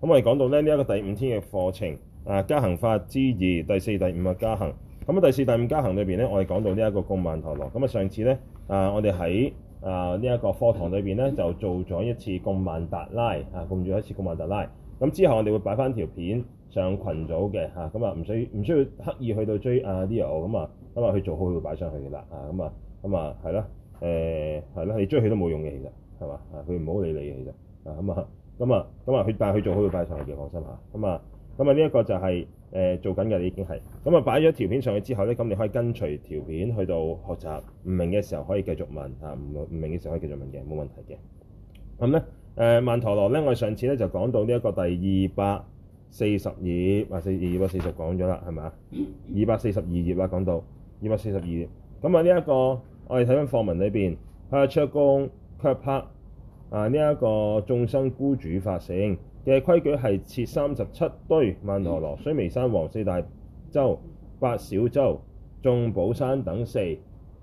咁我哋講到咧呢一個第五天嘅課程，啊加行法之二第四、第五嘅加行。咁啊第四、第五加行裏邊咧，我哋講到呢一個供曼荼羅。咁啊上次咧啊，我哋喺啊呢一個課堂裏邊咧就做咗一次供曼達拉啊，供咗一次供曼達拉。咁之後我哋會擺翻條片上群組嘅嚇，咁啊唔需唔需要刻意去到追阿 Leo 咁啊，咁啊佢做好佢會擺上去嘅啦啊，咁啊咁啊係啦，誒、欸、係啦。你追佢都冇用嘅其實係嘛啊，佢唔好理你嘅其實啊咁啊。咁啊，咁啊，佢但係佢做好佢快上去嘅，放心下。咁啊，咁啊，呢一個就係誒做緊嘅，你、呃、已經係。咁啊，擺咗條片上去之後咧，咁你可以跟隨條片去到學習，唔明嘅時候可以繼續問啊，唔唔明嘅時候可以繼續問嘅，冇問題嘅。咁咧，誒、呃、曼荼羅咧，我哋上次咧就講到呢一個第二百四十頁,說頁,頁這、這個，啊，四二百四十講咗啦，係咪啊？二百四十二頁啦，講到二百四十二頁。咁啊，呢一個我哋睇翻課文裏邊，係啊，卓貢卻帕。啊！呢、這、一個眾生估主法聖嘅規矩係設三十七堆曼荼羅，須彌、嗯、山王四大洲、八小洲、眾寶山等四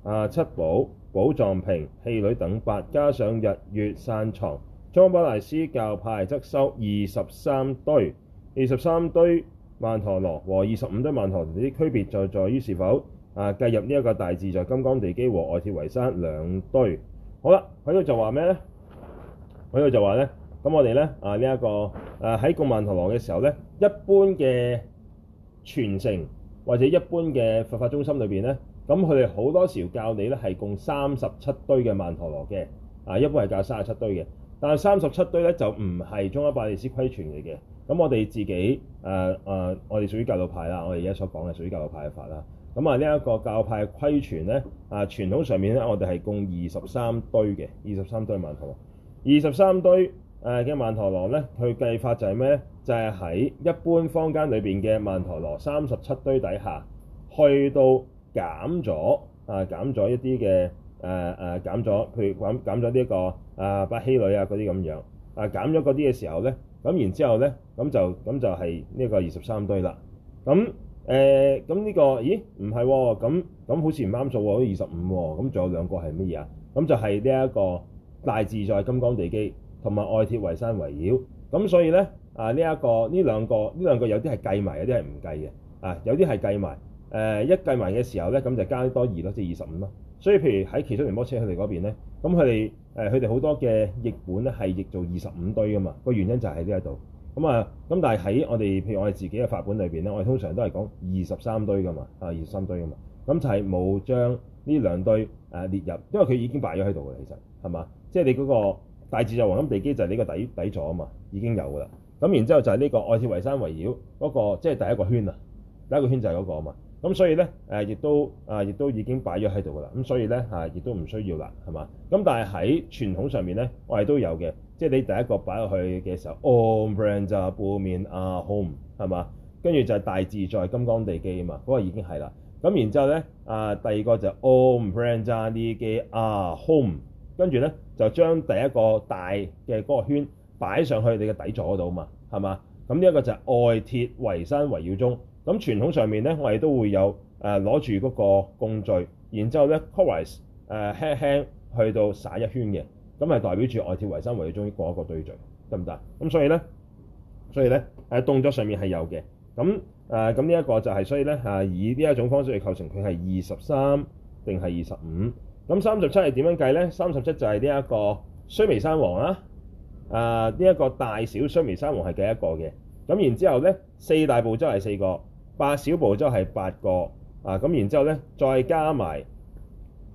啊、七寶、寶藏瓶、嬉女等八，加上日月傘幢。宗喀巴大師教派則收二十三堆，二十三堆曼荼羅和二十五堆曼荼羅啲區別就在於是否啊計入呢一個大自在金剛地基和外鐵圍山兩堆。好啦，喺度就話咩呢？佢度就話咧，咁我哋咧啊呢一、這個誒喺、啊、供曼荼羅嘅時候咧，一般嘅傳承或者一般嘅佛法中心裏邊咧，咁佢哋好多時候教你咧係供三十七堆嘅曼荼羅嘅啊，一般係教三十七堆嘅。但係三十七堆咧就唔係中阿巴利斯規傳嚟嘅。咁我哋自己誒誒、啊啊，我哋屬於教導派啦。我哋而家所講嘅屬於教導派嘅法啦。咁啊呢一個教派嘅規傳咧啊傳統上面咧，我哋係供二十三堆嘅二十三堆曼荼羅。二十三堆誒嘅曼荼羅咧，佢計法就係咩咧？就係、是，喺一般坊間裏邊嘅曼荼羅三十七堆底下，去到減咗啊，減咗一啲嘅誒誒，減咗譬如減減咗呢一個啊八嬉女啊嗰啲咁樣啊，減咗嗰啲嘅時候咧，咁然之後咧，咁就咁就係呢一個二十三堆啦。咁誒咁呢個咦唔係喎？咁咁，哦、好似唔啱數喎，二十五喎。咁仲有兩個係乜嘢啊？咁就係呢一個。大自在金剛地基同埋外鐵圍山圍繞，咁，所以咧啊，呢一,一個呢兩個呢兩個，有啲係計埋，有啲係唔計嘅啊。有啲係計埋誒、啊，一計埋嘅時候咧，咁就加多二咯，即係二十五咯、啊。所以譬如喺其中他仁波切佢哋嗰邊咧，咁佢哋誒佢哋好多嘅譯本咧係譯做二十五堆噶嘛。個原因就係喺呢度咁啊。咁但係喺我哋譬如我哋自己嘅法本裏邊咧，我哋通常都係講二十三堆噶嘛啊，二十三堆噶嘛。咁就係冇將呢兩堆誒、啊、列入，因為佢已經擺咗喺度嘅，其實係嘛？即係你嗰個大自在黃金地基就係你個底底座啊嘛，已經有㗎啦。咁然之後就係呢個外鐵圍山圍繞嗰個，即係第一個圈啊，第一個圈就係嗰個啊嘛。咁所以咧誒，亦都啊，亦都已經擺咗喺度㗎啦。咁所以咧嚇，亦都唔需要啦，係嘛？咁但係喺傳統上面咧，我哋都有嘅。即係你第一個擺落去嘅時候 o m brands 啊，布面啊，home 係嘛？跟住就係大自在金剛地基啊嘛，嗰個已經係啦。咁然之後咧啊，第二個就 o m brands 呢啲嘅啊，home 跟住咧。就將第一個大嘅嗰個圈擺上去你嘅底座嗰度啊嘛，係嘛？咁呢一個就係外鐵圍山圍繞中，咁傳統上面咧，我哋都會有誒攞住嗰個工序，然之後咧，coarse、mm hmm. uh, 輕輕去到撒一圈嘅，咁係代表住外鐵圍山圍繞中過一個堆聚，得唔得？咁所以咧，所以咧誒、啊、動作上面係有嘅，咁誒咁呢一個就係、是、所以咧啊以呢一種方式嚟構成佢係二十三定係二十五？咁三十七係點樣計呢？三十七就係呢一個須彌山王啦、啊，啊呢一、這個大小須彌山王係計一個嘅？咁然之後呢，四大部洲係四個，八小部洲係八個，啊咁然之後呢，再加埋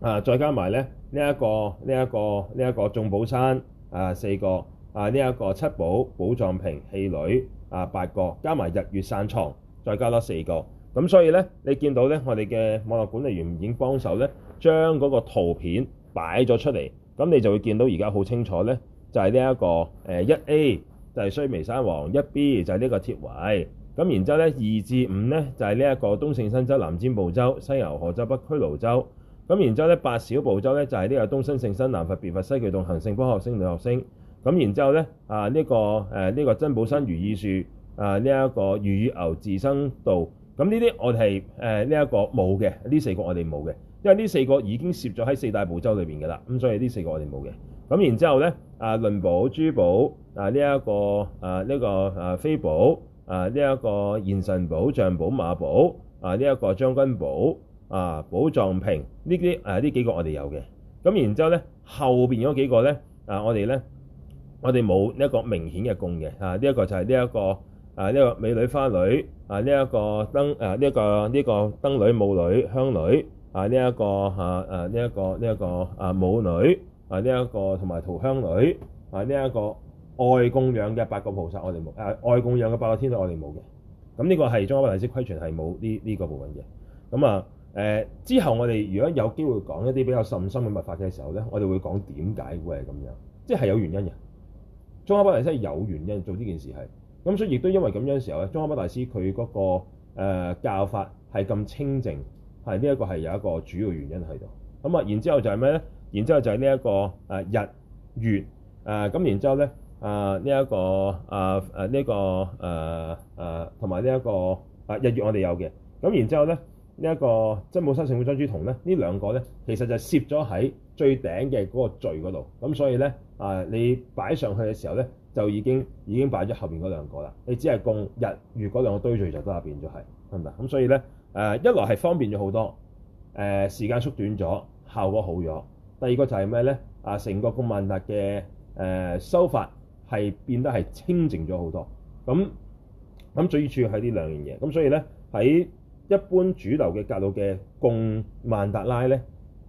啊再加埋呢，呢、這、一個呢一、這個呢一、這個眾寶山啊，四個啊呢一、這個七寶寶藏瓶嬉女啊八個，加埋日月傘幢，再加多四個。咁所以呢，你見到呢，我哋嘅網絡管理員已經幫手呢，將嗰個圖片擺咗出嚟。咁你就會見到而家好清楚呢，就係呢一個誒一 A 就係須彌山王，一 B 就係呢個鐵圍。咁然之後呢，二至五呢，就係呢一個東勝身洲、南贍部洲、西牛貨洲、北俱盧洲。咁然之後呢，八小步洲呢，就係、是、呢個東身勝身、南拂別拂、西巨洞、恆勝科合星、女合星。咁然之後呢，啊呢、這個誒呢、啊這個珍寶山如意樹啊呢一、這個如意牛自生稻。咁呢啲我哋誒呢一個冇嘅，呢四個我哋冇嘅，因為呢四個已經攝咗喺四大部洲裏邊嘅啦，咁所以呢四個我哋冇嘅。咁然之後咧，啊，輪寶、珠寶啊，呢一個啊，呢個啊，飛寶啊，呢一個現神寶、象寶、馬寶啊，呢一個將軍寶啊，寶藏瓶呢啲誒，呢幾個我哋有嘅。咁然之後咧，後邊嗰幾個咧啊，我哋咧，我哋冇呢一個明顯嘅供嘅啊，呢一個就係呢一個啊，呢個美女花女。啊！呢、這、一個燈呢、啊這個呢、這個燈女母女香女啊！呢、這、一個嚇誒呢一個呢一個啊母女啊呢一、這個同埋塗香女啊呢一、這個愛供養嘅八個菩薩我哋冇誒愛供養嘅八個天女我哋冇嘅。咁、嗯、呢、這個係宗喀巴大師規傳係冇呢呢個部分嘅。咁、嗯、啊誒、呃、之後我哋如果有機會講一啲比較甚深嘅密法嘅時候咧，我哋會講點解會係咁樣，即係有原因嘅。宗喀巴大師有原因做呢件事係。咁所以亦都因為咁樣時候咧，宗喀巴大師佢嗰、那個、呃、教法係咁清淨，係呢一個係有一個主要原因喺度。咁啊，然之後就係咩咧？然之後就係呢一個誒日月誒，咁然之後咧呢一個啊呢個誒誒同埋呢一個啊日月我哋有嘅。咁然之後咧呢一、這個眾寶傘、尊勝幢咧，兩呢兩個咧其實就攝咗喺最頂嘅嗰個軸嗰度。咁所以咧啊、呃，你擺上去嘅時候咧。就已經已經擺咗後邊嗰兩個啦，你只係供日月嗰兩個堆聚就得，係變咗係，係咪？咁所以咧，誒、呃、一來係方便咗好多，誒、呃、時間縮短咗，效果好咗。第二個就係咩咧？啊，成個供曼達嘅誒、呃、修法係變得係清淨咗好多。咁咁最主要係呢兩樣嘢。咁所以咧，喺一般主流嘅格魯嘅供曼達拉咧，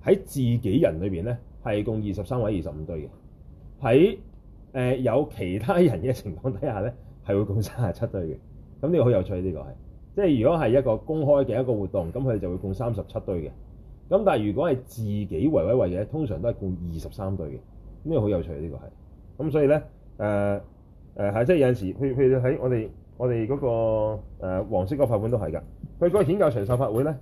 喺自己人裏邊咧係供二十三或二十五堆嘅喺。在誒、呃、有其他人嘅情況底下咧，係會共三十七堆嘅。咁呢個好有趣，呢個係即係如果係一個公開嘅一個活動，咁佢哋就會共三十七堆嘅。咁但係如果係自己圍圍圍嘅，通常都係共二十三堆嘅。呢個好有趣，呢個係咁所以咧，誒、呃、係、呃、即係有陣時候，譬如譬喺我哋我哋嗰、那個誒、呃、黃色嗰法本都係㗎。佢嗰個顯教長壽法會咧，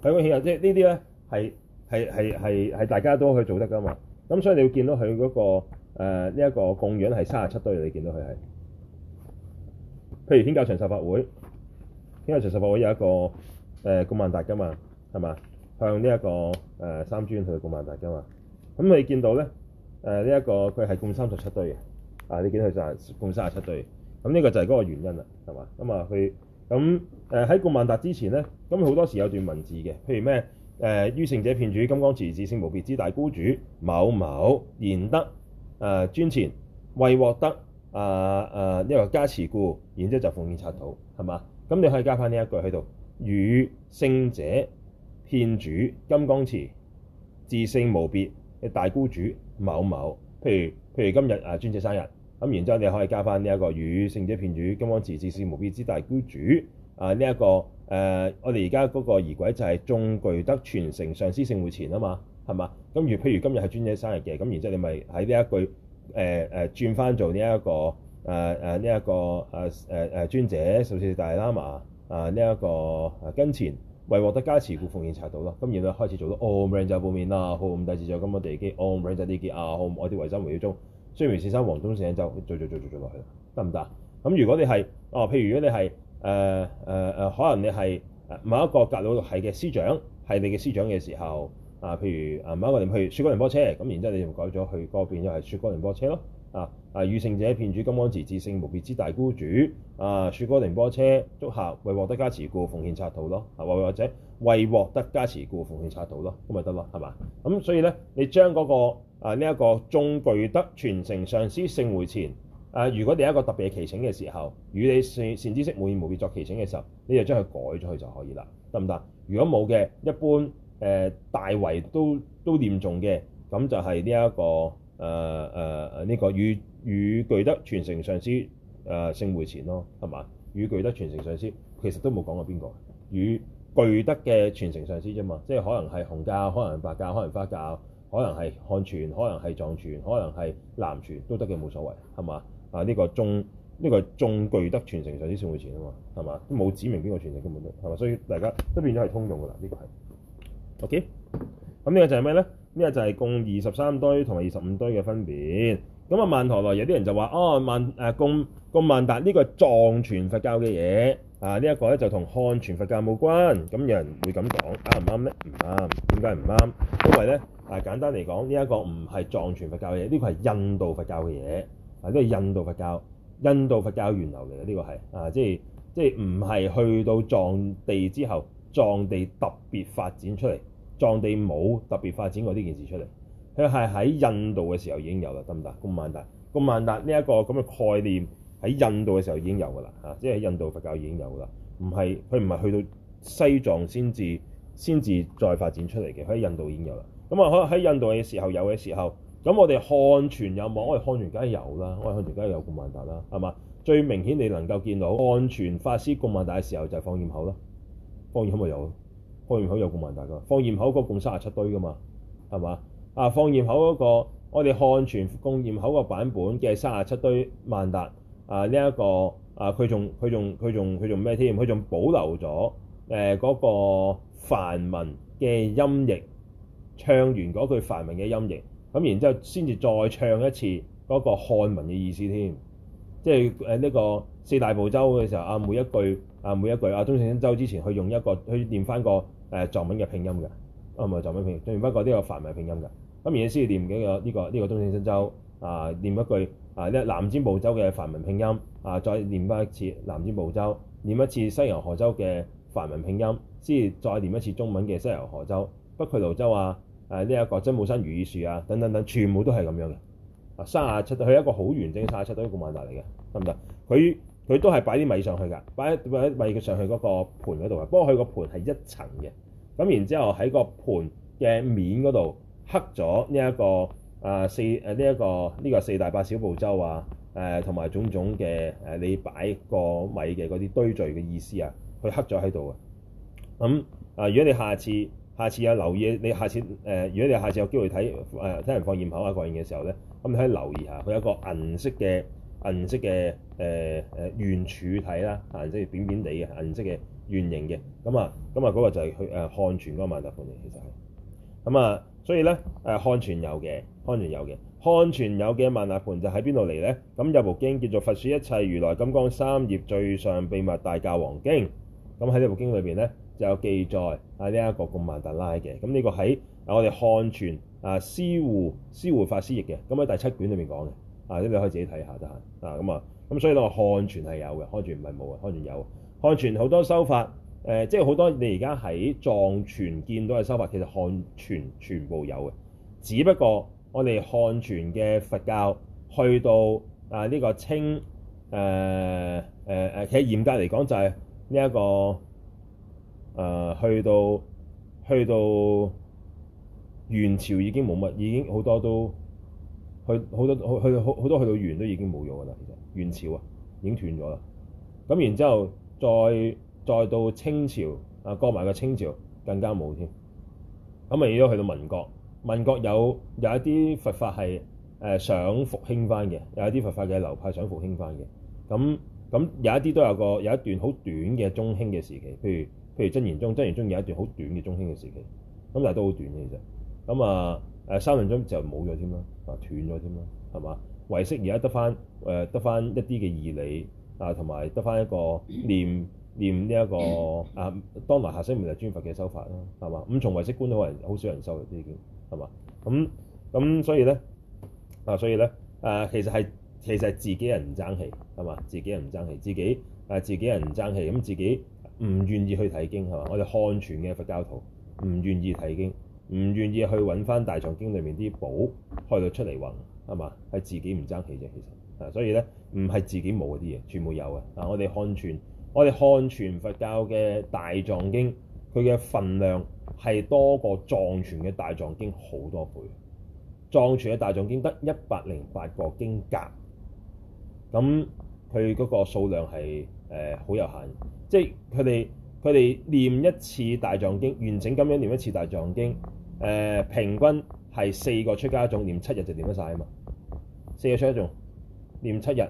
佢嗰個顯教，即係呢啲咧係係係係係大家都去做得㗎嘛。咁所以你會見到佢嗰、那個。誒，呢一個供養係三十七堆，你見到佢係譬如天教場授法會，天教場授法會有一個誒供萬達噶嘛，係嘛向呢、這、一個誒、呃、三尊去供萬達噶嘛。咁你見到咧誒呢一、呃這個佢係供三十七堆嘅，啊你見到佢三供三十七堆。咁呢個就係嗰個原因啦，係嘛咁啊佢咁誒喺供萬達之前咧，咁好多時有段文字嘅，譬如咩誒、呃、於聖者騙主金剛持自性無別之大孤主某某賢德。誒尊、呃、前為獲得誒誒一個加持故，然之後就奉獻賊土係嘛？咁你可以加翻呢一句喺度，與聖者騙主金剛持自性無別之大孤主某某。譬如譬如今日啊尊、呃、者生日，咁然之後你可以加翻呢一個與聖者騙主金剛持自性無別之大孤主啊呢一個誒、呃，我哋而家嗰個儀軌就係眾具德傳承上師聖會前啊嘛。係嘛？咁如譬如今日係尊者生日嘅，咁然之後你咪喺呢一句誒誒、呃、轉翻做呢、這、一個誒誒呢一個尊者，首先大喇嘛啊呢一、這個跟、啊、前為獲得加持故奉獻查到咯。咁然後開始做到哦，唔靚就報面啦。好唔大字就咁哋已基，哦唔靚就呢啲啊，好我啲維生回修中，雖然先生黃宗先生就做做做做做落去，得唔得？咁如果你係哦、呃，譬如如果你係誒、呃呃、可能你係某一個格老系嘅師長，係你嘅師長嘅時候。啊，譬如啊，某一個你去雪歌仁波切，咁然之後你就改咗去嗰邊，又係雪歌仁波切咯。啊啊，與聖者騙主，金剛持至勝無別之大孤主。啊，啊雪歌仁波切祝客，足下為獲得加持故，奉獻刷土咯。或或者為獲得加持故，奉獻刷土咯，咁咪得咯，係嘛？咁所以咧，你將嗰、那個啊呢一、這個中具德傳承上師聖會前。啊，如果你有一個特別祈請嘅時候，與你善善知識無二無別作祈請嘅時候，你就將佢改咗去就可以啦，得唔得？如果冇嘅，一般。誒、呃、大為都都念重嘅，咁就係呢一個誒誒誒呢個與與具德傳承上師誒、呃、聖會前咯，係嘛？與具德傳承上師，其實都冇講過邊個與具德嘅傳承上師。啫嘛，即係可能係紅教，可能係白教，可能係花教，可能係漢傳，可能係藏傳，可能係南傳都得嘅，冇所謂係嘛？啊呢、呢個中呢、呢個中具德傳承上師聖會前啊嘛，係嘛？冇指明邊個傳承根本都係嘛，所以大家都變咗係通用㗎啦，呢、呢個係。OK，咁呢個就係咩咧？呢個就係供二十三堆同埋二十五堆嘅分別。咁啊，曼陀羅有啲人就話：哦，曼誒供供萬達呢個係藏傳佛教嘅嘢啊，呢一個咧就同漢傳佛教冇關。咁有人會咁講啱唔啱咧？唔啱。點解唔啱？因為咧，啊簡單嚟講，呢一個唔係藏傳佛教嘅嘢，呢個係印度佛教嘅嘢。啊，呢個印度佛教，印度佛教源流嚟嘅，呢個係啊，即係即係唔係去到藏地之後。藏地特別發展出嚟，藏地冇特別發展過呢件事出嚟。佢係喺印度嘅時候已經有啦，得唔得？供曼達，供曼達呢一個咁嘅概念喺印度嘅時候已經有㗎啦，啊，即係喺印度佛教已經有㗎啦，唔係佢唔係去到西藏先至先至再發展出嚟嘅，佢喺印度已經有啦。咁啊，可能喺印度嘅時候有嘅時候，咁我哋漢傳有冇？我哋漢傳梗係有啦，我哋漢傳梗係有供曼達啦，係嘛？最明顯你能夠見到漢傳法師供曼達嘅時候就係放焰口啦。放焰口咪有咯，放焰口有個曼達噶，放焰口嗰個共三十七堆噶嘛，係嘛？啊，放焰口嗰、那個，我哋漢傳放焰口個版本嘅三十七堆曼達啊，呢、這、一個啊，佢仲佢仲佢仲佢仲咩添？佢仲保留咗誒嗰個梵文嘅音譯，唱完嗰句梵文嘅音譯，咁然之後先至再唱一次嗰個漢文嘅意思添，即係誒呢個四大部洲嘅時候啊，每一句。啊每一句啊，東勝身洲之前佢用一個，去念翻個誒藏、呃、文嘅拼音嘅，啊唔係藏文拼音，念翻個呢個梵文嘅拼音嘅。咁然之先念幾個呢、呢個呢、呢個東勝身洲啊，念、呃、一句啊，呢南瞻部洲嘅梵文拼音啊，再念翻一次南瞻部洲，念一次西遊河州嘅梵文拼音，先、呃、再念一,一,一次中文嘅西遊河州。北俱盧洲啊，誒呢一個眾寶山如意樹啊，等等等,等，全部都係咁樣嘅。啊三十七，佢係一個好完整嘅三十七堆古曼達嚟嘅，得唔得？佢。佢都係擺啲米上去㗎，擺擺米佢上去嗰個盤嗰度啊。不過佢個盤係一層嘅，咁然之後喺個盤嘅面嗰度刻咗呢一個啊四、誒呢一個呢個四大八小部洲啊，誒同埋種種嘅誒、呃、你擺個米嘅嗰啲堆聚嘅意思啊，佢刻咗喺度啊。咁、嗯、啊、呃，如果你下次下次有留意，你下次誒、呃、如果你下次有機會睇誒睇人放焰口啊放焰嘅時候咧，咁你可以留意下，佢有個銀色嘅。銀色嘅誒誒圓柱體啦，顏色扁扁地嘅銀色嘅圓形嘅，咁啊咁啊嗰個就係去誒漢傳嗰個曼達盤嚟，其實係，咁啊所以咧誒漢傳有嘅，漢傳有嘅，漢傳有嘅曼達盤就喺邊度嚟咧？咁有部經叫做《佛説一切如來金剛三業最上秘密大教王經》，咁喺呢部經裏邊咧就有記載啊呢一個個曼達拉嘅，咁呢個喺我哋漢傳啊施護施護法師譯嘅，咁喺第七卷裏面講嘅。啊！咁你可以自己睇下得閒。啊咁啊，咁所以咧，漢傳係有嘅，漢傳唔係冇嘅，漢傳有。漢傳好多修法，誒、呃，即係好多你而家喺藏傳見到嘅修法，其實漢傳全部有嘅。只不過我哋漢傳嘅佛教去到啊呢、這個清誒誒誒，其實嚴格嚟講就係呢一個誒、呃、去到去到元朝已經冇乜，已經好多都。佢好多去去好好多去到元都已經冇咗㗎啦，其實元朝啊已經斷咗啦。咁然之後再再到清朝啊，過埋個清朝更加冇添。咁啊，亦都去到民國，民國有有一啲佛法係誒想復興翻嘅，有一啲佛法嘅、呃、流派想復興翻嘅。咁咁有一啲都有個有一段好短嘅中興嘅時期，譬如譬如真言宗，真言宗有一段好短嘅中興嘅時期。咁但係都好短嘅其實。咁啊。呃誒三兩鐘就冇咗添啦，啊斷咗添啦，係嘛？唯識而家得翻誒得翻一啲嘅義理啊，同埋得翻一個念念呢、這、一個啊當來下生彌勒尊佛嘅修法啦，係嘛？咁從唯識觀到人好少人修嘅啲嘢，係嘛？咁、嗯、咁所以咧啊，所以咧啊，其實係其實係自己人唔爭氣，係嘛？自己人唔爭氣，自己誒、啊、自己人唔爭氣，咁自己唔願意去睇經，係嘛？我哋漢傳嘅佛教徒唔願意睇經。唔願意去揾翻大藏經裏面啲寶開到出嚟混，係嘛？係自己唔爭氣啫。其實啊，所以咧唔係自己冇嗰啲嘢，全部有嘅。嗱、啊，我哋漢傳我哋漢傳佛教嘅大藏經，佢嘅份量係多過藏傳嘅大藏經好多倍。藏傳嘅大藏經得一百零八個經格，咁佢嗰個數量係呃、好有限，即係佢哋佢哋念一次大藏經完整咁樣念一次大藏經。誒、呃、平均係四個出家眾念七日就念得晒啊嘛，四個出家眾念七日，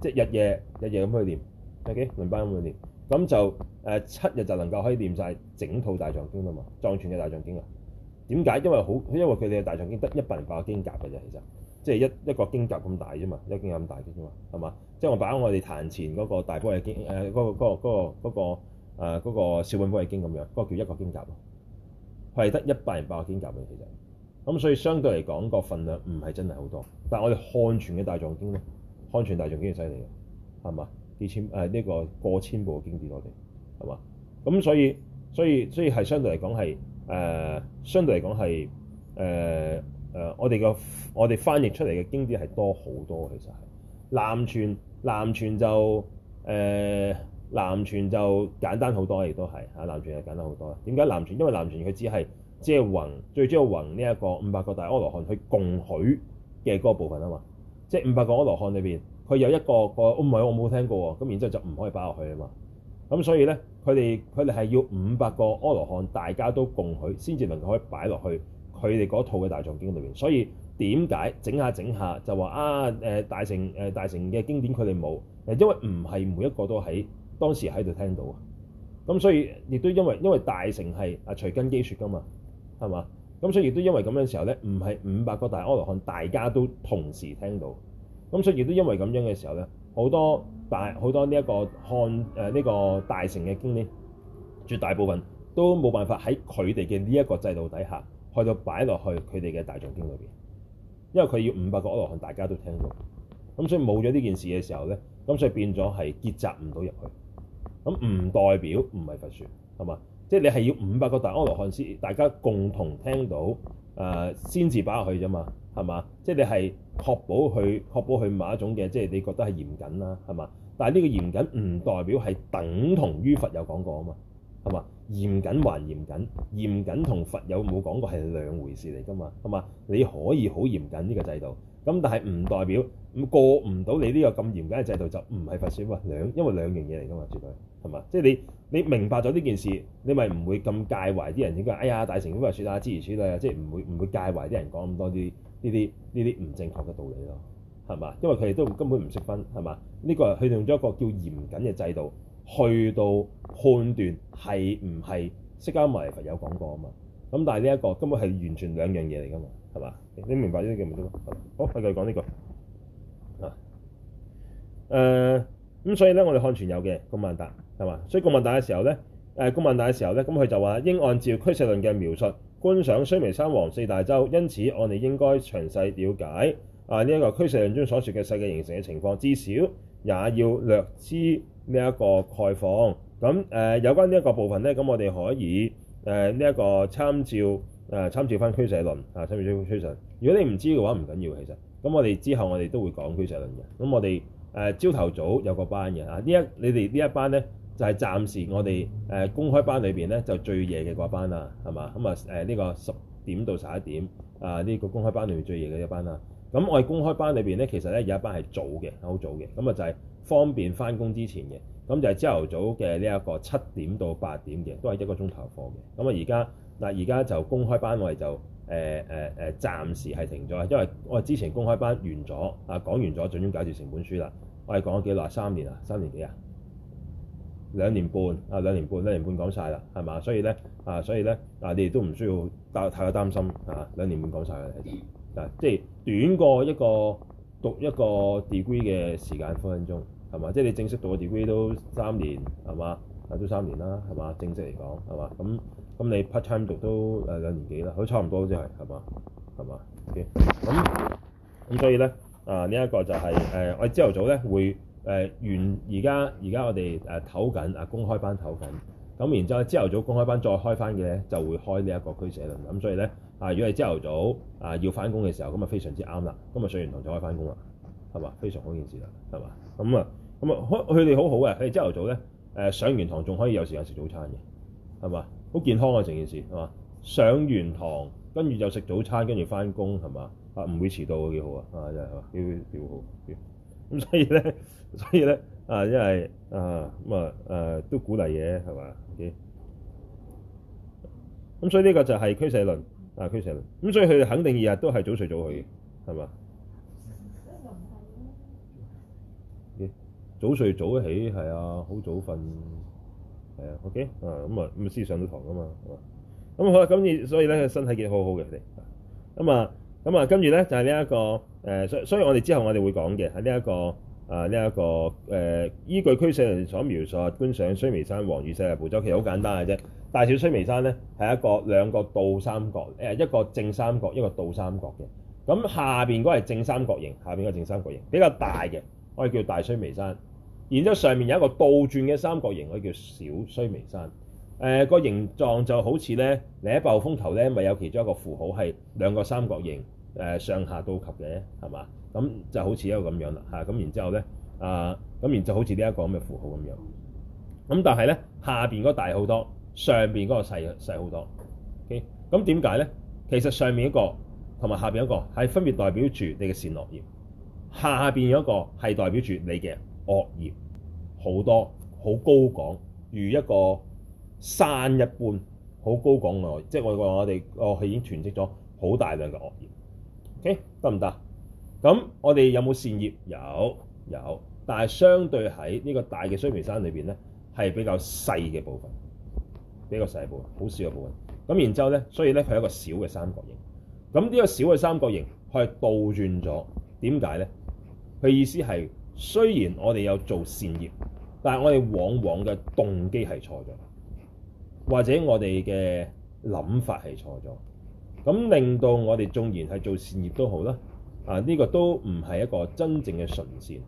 即係日夜日夜咁去念。OK 輪班咁去念。咁就誒、呃、七日就能夠可以念晒整套大藏經啊嘛，藏傳嘅大藏經啊。點解？因為好，因為佢哋嘅大藏經得一百零八個經夾嘅啫，其實即係一一個經夾咁大啫嘛，一個經夾咁大嘅啫嘛，係嘛？即係我擺我哋壇前嗰個大波嘅經誒，嗰、呃那個嗰、那個嗰、那個那個呃那個小本波嘅經咁樣，嗰、那個叫一個經夾。係得一百零八卷甲嘅，其實咁所以相對嚟講個份量唔係真係好多，但係我哋漢傳嘅大藏經咧，漢傳大藏經係犀利嘅，係嘛？幾千誒，呢個過千部嘅經典，我哋係嘛？咁所以所以所以係相對嚟講係，誒相對嚟講係誒誒，我哋個我哋翻譯出嚟嘅經典係多好多，其實係南傳，南傳就誒。呃南傳就簡單好多，亦都係嚇南傳就簡單好多。點解南傳？因為南傳佢只係即係宏最主要宏呢一個五百個大阿羅漢佢共許嘅嗰個部分啊嘛，即係五百個阿羅漢裏邊佢有一個個唔係我冇聽過咁，然之後就唔可以擺落去啊嘛。咁所以咧，佢哋佢哋係要五百個阿羅漢大家都共許先至能夠可以擺落去佢哋嗰套嘅大藏經裏邊。所以點解整下整下就話啊誒大成誒大成嘅經典佢哋冇誒？因為唔係每一個都喺。當時喺度聽到嘅，咁所以亦都因為因為大乘係阿隨根基説㗎嘛，係嘛？咁所以亦都因為咁嘅時候咧，唔係五百個大阿羅漢大家都同時聽到，咁所以亦都因為咁樣嘅時候咧，好多大好多呢一個漢誒呢個大乘嘅經典，絕大部分都冇辦法喺佢哋嘅呢一個制度底下去到擺落去佢哋嘅大藏經裏邊，因為佢要五百個阿羅漢大家都聽到，咁所以冇咗呢件事嘅時候咧，咁所以變咗係結集唔到入去。咁唔代表唔係佛説，係嘛？即係你係要五百個大阿羅漢師大家共同聽到先至、呃、擺入去啫嘛，係嘛？即係你係確保去確保去某一種嘅即係你覺得係嚴謹啦，係嘛？但係呢個嚴謹唔代表係等同於佛有講過啊嘛，係嘛？嚴謹還嚴謹，嚴謹同佛有冇講過係兩回事嚟㗎嘛，係嘛？你可以好嚴謹呢個制度，咁但係唔代表過唔到你呢個咁嚴謹嘅制度就唔係佛説啊兩因為兩樣嘢嚟㗎嘛絕對。係嘛？即係你你明白咗呢件事，你咪唔會咁介懷啲人應該。哎呀，大成都話説啦，支持主力啊，即係唔會唔會介懷啲人講咁多啲呢啲呢啲唔正確嘅道理咯。係嘛？因為佢哋都根本唔識分，係嘛？呢、這個係佢用咗一個叫嚴謹嘅制度去到判斷係唔係釋迦牟尼佛有講過啊嘛。咁但係呢一個根本係完全兩樣嘢嚟㗎嘛，係嘛？你明白呢啲叫唔叫？好，繼續講呢個啊。誒、嗯，咁所以咧，我哋看全友嘅個萬達。係嘛？所以《供曼達》嘅時候咧，誒《供曼達》嘅時候咧，咁佢就話應按照俱舍論嘅描述，觀想須彌山王、四大洲，因此我哋應該詳細了解啊呢一，這個俱舍論中所説嘅世界形成嘅情況，至少也要略知呢一個概況。咁誒、啊、有關呢一個部分咧，咁我哋可以誒呢一個參照誒參照翻俱舍論啊，參照翻俱舍論，如果你唔知嘅話，唔緊要其實。咁我哋之後我哋都會講俱舍論嘅。咁我哋誒朝頭早有個班嘅啊，呢一你哋呢一班咧。就係暫時我哋誒、呃、公開班裏邊咧，就最夜嘅嗰班啦，係嘛？咁啊誒呢個十點到十一點啊呢個公開班裏面最夜嘅一班啦。咁我哋公開班裏邊咧，其實咧有一班係早嘅，好早嘅。咁啊就係方便翻工之前嘅。咁就係朝頭早嘅呢一個七點到八點嘅，都係一個鐘頭課嘅。咁啊而家嗱而家就公開班我哋就誒誒誒暫時係停咗，因為我哋之前公開班完咗啊講完咗，盡量解決成本書啦。我哋講咗幾耐三年啊三年幾啊？兩年半啊，兩年半，兩年半講晒啦，係嘛？所以咧啊，所以咧啊，你哋都唔需要太太過擔心啊。兩年半講晒嘅係，即係短過一個讀一個 degree 嘅時間分分鐘係嘛？即係你正式讀個 degree 都三年係嘛？係啊都三年啦係嘛？正式嚟講係嘛？咁咁你 part time 讀都誒兩年幾啦，都差唔多，即係係嘛？係嘛？OK，咁咁所以咧啊，呢一個就係誒，我哋朝頭早咧會。誒完而家而家我哋誒唞緊啊，公開班唞緊。咁然之後朝頭早公開班再開翻嘅咧就會開呢一個俱舍論咁。所以咧啊，如果係朝頭早啊要翻工嘅時候，咁啊非常之啱啦，咁啊上完堂就可以翻工啦，係嘛？非常好件事啦，係嘛？咁啊咁啊，佢哋好好嘅，佢哋朝頭早咧上，上完堂仲可以有時間食早餐嘅，係嘛？好健康啊成件事係嘛？上完堂跟住就食早餐，跟住翻工係嘛？啊唔會遲到嘅，幾好啊，啊真係幾好幾好。咁所以咧，所以咧，啊，因為啊，咁啊，誒、啊，都鼓勵嘅，係嘛？O K。咁、okay? 啊、所以呢個就係俱舍論，啊，咁、啊、所以佢哋肯定日日都係早，早、okay? 早睡早起嘅，係嘛、啊、早睡早起係啊，好早瞓，係啊。O K。啊，咁啊，咁先上到堂噶嘛。咁好啦，咁所以，所以咧，身體幾好好嘅佢哋。咁啊。咁啊，跟住咧就係呢一個誒、呃，所以所以我哋之後我哋會講嘅喺呢一個啊呢一個誒、呃，依據俱舍論所描述觀想須彌山王與四洲嘅步驟，其實好簡單嘅啫。大小須彌山咧係一個兩個倒三角一個正三角，一個倒三角嘅。咁下面嗰係正三角形，下邊個正三角形比較大嘅，我哋叫大須彌山。然之後上面有一個倒轉嘅三角形，我哋叫小須彌山。誒、呃、那個形狀就好似咧，你喺暴風球咧咪有其中一個符號係兩個三角形、呃、上下都及嘅係嘛？咁就好似一個咁樣啦嚇。咁然之後咧啊，咁然後呢、啊、就好似呢一個咁嘅符號咁樣。咁但係咧，下面嗰大好多，上面嗰個細好多。咁點解咧？其實上面一個同埋下面一個係分別代表住你嘅善惡業，下面一個係代表住你嘅惡業，好多好高廣如一個山一般好高廣嘅，即係我話我哋，我係已經囤積咗好大量嘅惡業。OK，得唔得？咁我哋有冇善業？有有，但係相對喺呢個大嘅須彌山裏邊咧，係比較細嘅部分，比較細部分，好少嘅部分。咁然之後咧，所以咧佢係一個小嘅三角形。咁呢個小嘅三角形佢係倒轉咗。點解咧？佢意思係雖然我哋有做善業，但係我哋往往嘅動機係錯咗，或者我哋嘅諗法係錯咗，咁令到我哋縱然係做善業都好啦，啊、這、呢個都唔係一個真正嘅純善。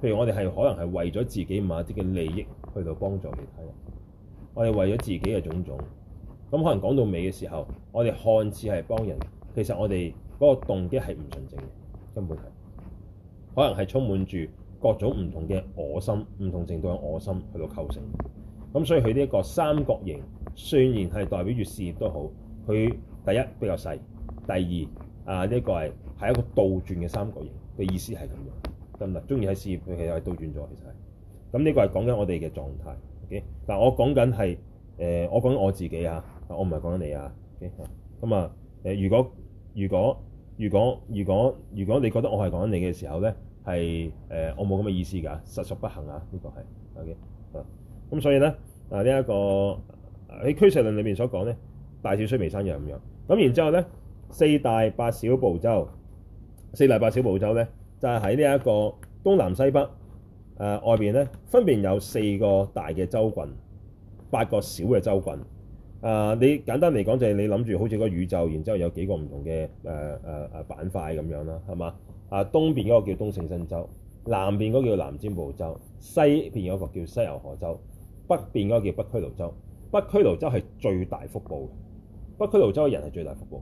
譬如我哋係可能係為咗自己某啲嘅利益去到幫助其他人，我哋為咗自己嘅種種，咁可能講到尾嘅時候，我哋看似係幫人，其實我哋嗰個動機係唔純正嘅，根本係可能係充滿住各種唔同嘅我心、唔同程度嘅我心去到構成。咁所以佢呢一個三角形。雖然係代表住事業都好，佢第一比較細，第二啊呢、呢個係係一個倒轉嘅三角形嘅意思係咁樣得唔得？中意喺事業，佢其實係倒轉咗，其實係咁，呢個係講緊我哋嘅狀態。OK，嗱我講緊係誒，我講緊我自己啊，我唔係講緊你啊。OK，咁啊誒，如果如果如果如果如果你覺得我係講緊你嘅時候咧，係、誒、呃、我冇咁嘅意思㗎，實屬不幸啊！呢、呢個係 OK 啊，咁所以咧啊呢一、呢個。喺俱舍論裏面所講咧，大小須彌山王咁樣。咁然之後咧，四大八小部洲，四大八小部洲咧，就係喺呢一個東南西北誒、呃、外邊咧，分別有四個大嘅州郡，八個小嘅州郡。誒、呃，你簡單嚟講就係、是、你諗住好似個宇宙，然之後有幾個唔同嘅誒誒誒板塊咁樣啦，係嘛？誒、啊、東邊嗰個叫東勝身洲，南邊嗰個叫南贍部洲，西邊嗰個叫西牛貨洲，北邊嗰個叫北俱盧洲。北俱盧洲係最大福報嘅。北俱盧洲嘅人係最大福報。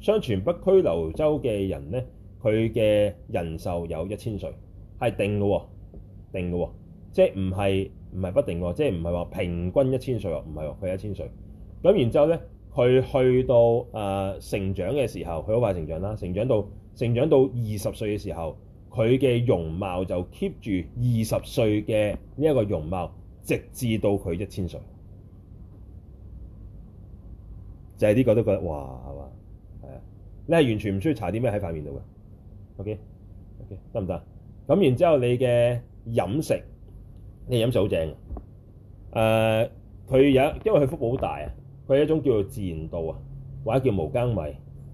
相傳北俱盧洲嘅人呢，佢嘅人壽有一千歲，係定嘅喎、哦，定嘅喎、哦，即係唔係唔係不定喎，即係唔係話平均一千歲喎，唔係喎，佢一千歲。咁然之後呢，佢去到誒、呃、成長嘅時候，佢好快成長啦。成長到成長到二十歲嘅時候，佢嘅容貌就 keep 住二十歲嘅呢一個容貌，直至到佢一千歲。就係呢個都覺得哇係嘛，係啊，你係完全唔需要搽啲咩喺塊面度嘅，OK OK 得唔得？咁然之後你嘅飲食，你飲食好正嘅，誒、呃、佢有因為佢幅好大啊，佢係一種叫做自然稻，啊，或者叫無耕米，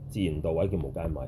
自然稻或者叫無耕米。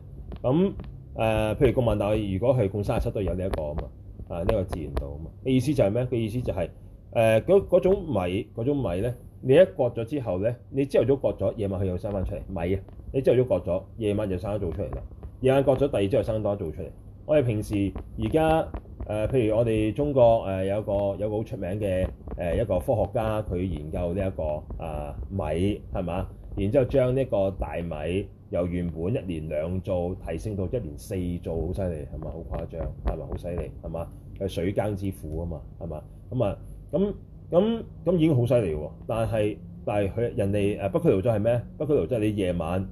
咁、呃、誒譬如供曼達，如果係供卅七都有呢一個啊嘛，啊呢、呢個自然稻啊嘛，嘅意思就係咩？佢意思就係誒嗰種米嗰種米咧。你一割咗之後咧，你朝頭早割咗，夜晚佢又生翻出嚟米啊！你朝頭早割咗，夜晚就生咗做出嚟啦。夜晚割咗，第二朝頭生多做出嚟。我哋平時而家、呃、譬如我哋中國、呃、有個有個好出名嘅、呃、一個科學家，佢研究呢、這、一個啊、呃、米係嘛，然之後將呢個大米由原本一年兩造提升到一年四造，好犀利係嘛，好誇張係咪？好犀利係嘛，係水耕之父啊嘛，係嘛，咁啊咁。咁咁已經好犀利喎，但係但係佢人哋誒北俱盧洲係咩？北俱盧洲，你夜晚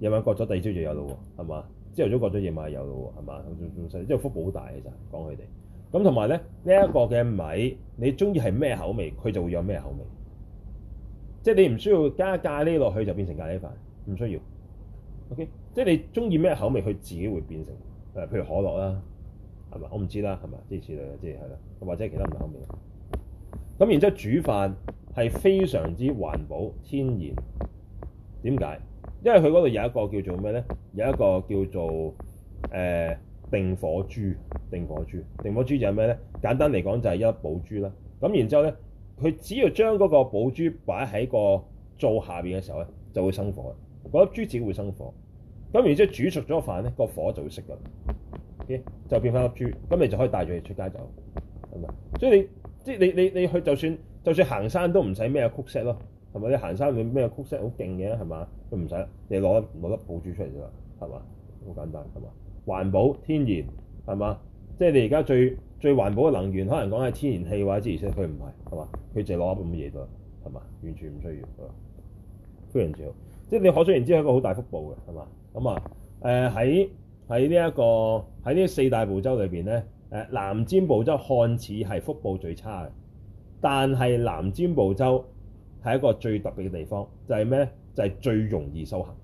夜晚割咗第二朝就有咯喎，係嘛？朝頭早割咗夜晚有咯喎，係嘛？咁咁犀利，即係福報好大嘅咋講佢哋。咁同埋咧呢一個嘅米，你中意係咩口味，佢就會有咩口味。即係你唔需要加咖喱落去就變成咖喱飯，唔需要。OK，即係你中意咩口味，佢自己會變成誒，譬如可樂啦，係嘛？我唔知啦，係嘛？啲似類似係啦，或者係其他唔同口味。咁然之後煮飯係非常之環保天然，點解？因為佢嗰度有一個叫做咩咧？有一個叫做誒、呃、定火珠，定火珠，定火珠就係咩咧？簡單嚟講就係一粒寶珠啦。咁然之後咧，佢只要將嗰個寶珠擺喺個灶下邊嘅時候咧，就會生火。嗰粒珠自己會生火。咁然之後煮熟咗個飯咧，個火就會熄㗎。OK，就變翻粒珠，咁你就可以帶住佢出街走，係咪？所以你。即係你你你去就算就算行山都唔使咩曲折咯，係咪？你行山你咩曲折好勁嘅係嘛？佢唔使，你攞攞粒寶珠出嚟啫嘛，係嘛？好簡單係嘛？環保天然係嘛？即係、就是、你而家最最環保嘅能源，可能講係天然氣或者而家佢唔係係嘛？佢淨係攞咁嘅嘢度係嘛？完全唔需要啊！非常之好，即、就、係、是、你可想而知係一個好大幅度嘅係嘛？咁啊誒喺喺呢一個喺呢四大部洲裏邊咧。誒南瞻部洲看似係福報最差嘅，但係南瞻部洲係一個最特別嘅地方，就係咩咧？就係、是、最容易修行。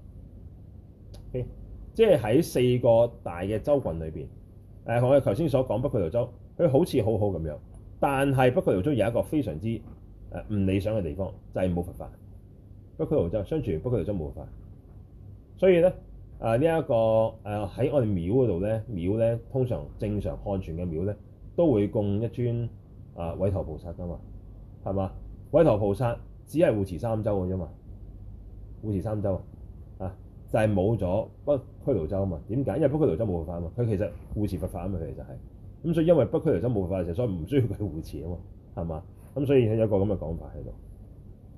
Okay? 即係喺四個大嘅州郡裏邊，誒我哋頭先所講北俱盧洲，佢好似好好咁樣，但係北俱盧洲有一個非常之誒唔理想嘅地方，就係冇佛法。北俱盧洲，相傳北俱盧洲冇佛法，所以咧。啊！呢、這、一個誒喺、啊、我哋廟嗰度咧，廟咧通常正常漢傳嘅廟咧都會供一尊啊，韋馱菩薩噶嘛，係嘛？韋馱菩薩只係護持三洲嘅啫嘛，護持三洲啊，就係冇咗北俱盧洲啊嘛。點解？因為北俱盧洲冇法啊嘛，佢其實護持佛法啊嘛，佢就係、是、咁，所以因為北俱盧洲冇法嘅時候，所以唔需要佢護持啊嘛，係嘛？咁所以有個咁嘅講法喺度。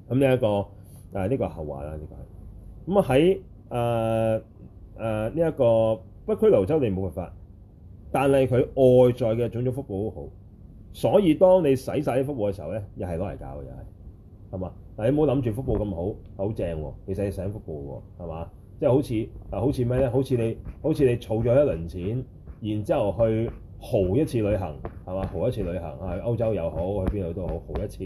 咁呢一個誒，呢個、啊這個、是後話啦，呢、這個係咁啊喺誒呢一個北俱盧洲你冇辦法，但係佢外在嘅種種福報好好，所以當你使晒啲福報嘅時候咧，又係攞嚟搞嘅又係，係嘛、哦？你唔、就是、好諗住福報咁好，好正喎，其實係使福報嘅喎，係嘛？即係好似啊，好似咩咧？好似你好似你儲咗一輪錢，然之後去豪一次旅行，係嘛？豪一次旅行啊，去歐洲又好，去邊度都好，豪一次，